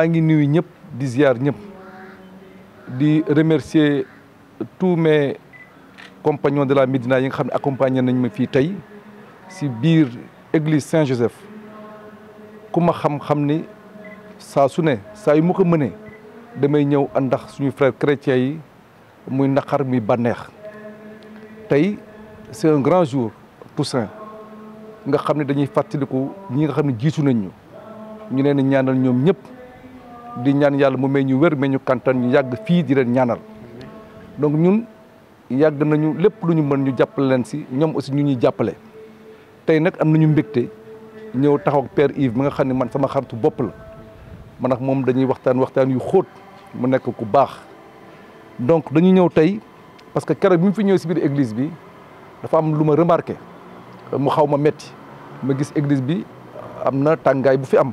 mangi nuyu ñep di ziar ñep di remercier tous mes compagnons de la Medina yi nga xamni accompagner nañ ma fi tay ci bir église Saint-Joseph kuma xam xamni sa saa su ne saa yu mu ko damay ñëw andax suñu frères chrétiens yi muy nakar muy banex tay c'est un grand jour saint nga xamni dañuy fatiliku ñi nga xamni ne nañ ñu ñu leen ñaanal ñom ñep di ñaan yàlla mu may ñu wér may ñu kantan ñu yàgg fii di leen ñaanal donc ñun yàgg nañu lépp lu mën ñu jàppale leen si ñoom aussi ñu ñuy jàppale tey nag am nañu mbégte ñëw taxaw ak père Yves mi nga man sama xaritu bopp la man ak moom dañuy waxtaan waxtaan yu xóot mu nekk ku baax donc dañu ñëw tey parce que keroog bi mu fi ñëw si biir église bi dafa am mu metti ma gis église bi bu fi am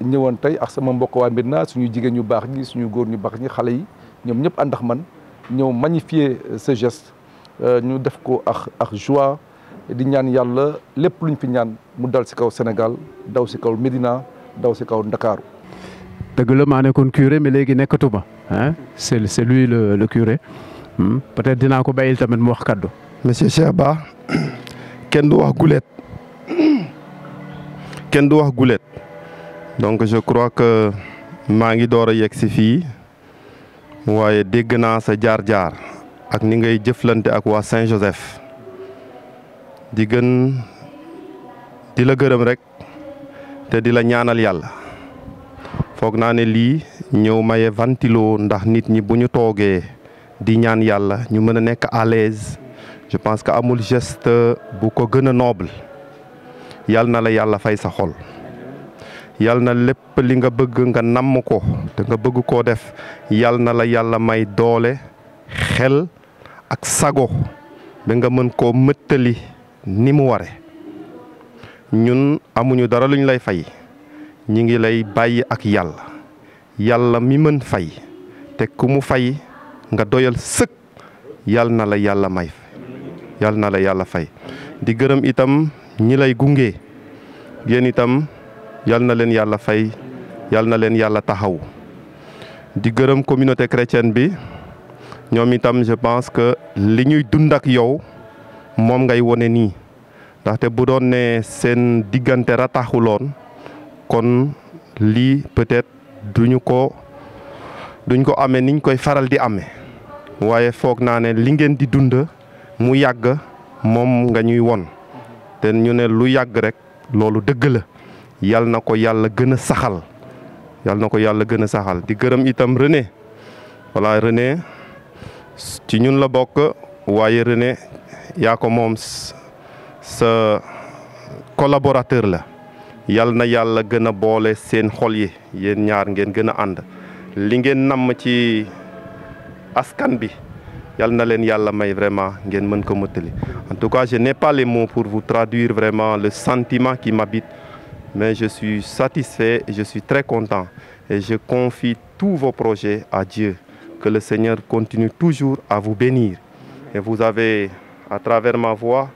ñëwoon tay ak sama mbokk wa Mbirna suñu jigeen ñu bax gi suñu goor ñu bax ñi xalé yi ñom ñëpp andax man ñëw magnifier euh, ce geste euh, ñu def ko ak ak joie di ñaan yalla lepp luñ fi ñaan mu dal ci kaw senegal daw ci kaw medina daw ci kaw dakar deug le mané kon curé mais légui nekkatuma ah hein? c'est c'est lui le le curé hmm? peut-être dina ko bayil tamit mu wax kaddu. monsieur Cheikh Ba kenn du wax gulet kenn du wax goulette donc je crois que maa ngi door a yegg si fii waaye dégg naa sa jaar-jaar ak ni ngay jëflante ak waa Saint-Joseph di gën di la gërëm rek te di la ñaanal yàlla foog naa ne lii ñëw maye ventilo ndax nit ñi bu ñu toogee di ñaan yàlla ñu mën a nekk à l'aise je pense que amul geste bu ko gën a noble yàlla na la yàlla fay sa xol yal na lépp li nga bëgg nga namm ko te nga bëgg koo def yal na la yàlla may doole xel ak sago ba nga mën koo mëttali ni mu ware ñun amuñu dara luñ lay fay ñu ngi lay bàyyi ak yàlla yàlla mi mën fay te ku mu fay nga doyal sëkk yal na la yàlla may yal na la yàlla fay di gërëm itam ñi lay gunge yéen itam yal na leen yàlla fay yal na leen yàlla taxaw di gërëm communauté chrétienne bi ñoom itam je pense que li ñuy dund ak yow moom ngay wone nii ndaxte bu doon ne seen diggante rataxuloon kon lii peut-être duñu ko duñ ko amee niñ koy faral di amee waaye foog naa ne li ngeen di dund mu yàgg moom nga ñuy won te ñu ne lu yàgg rek loolu dëgg la yal na ko yàlla gën saxal yal na ko yàlla gën saxal di gërëm itam René wala René ci ñun la bokk waye René ya ko mom sa collaborateur la yal na yàlla gën a seen xol yi yeen ñaar ngeen gëna and li ngeen nam ci askan bi yal na leen yàlla may vraiment ngeen mën ko mottali en tout cas je n'ai pas les mots pour vous traduire vraiment le sentiment qui m'habite mais je suis satisfait, je suis très content et je confie tous vos projets à Dieu. Que le Seigneur continue toujours à vous bénir. Et vous avez, à travers ma voix,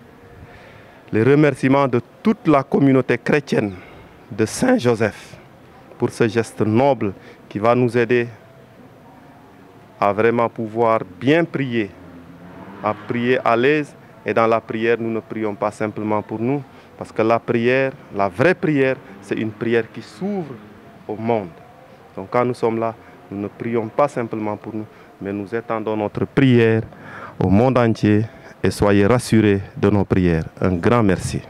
les remerciements de toute la communauté chrétienne de Saint-Joseph pour ce geste noble qui va nous aider à vraiment pouvoir bien prier, à prier à l'aise. Et dans la prière, nous ne prions pas simplement pour nous, parce que la prière, la vraie prière, c'est une prière qui s'ouvre au monde. Donc quand nous sommes là, nous ne prions pas simplement pour nous, mais nous étendons notre prière au monde entier et soyez rassurés de nos prières. Un grand merci.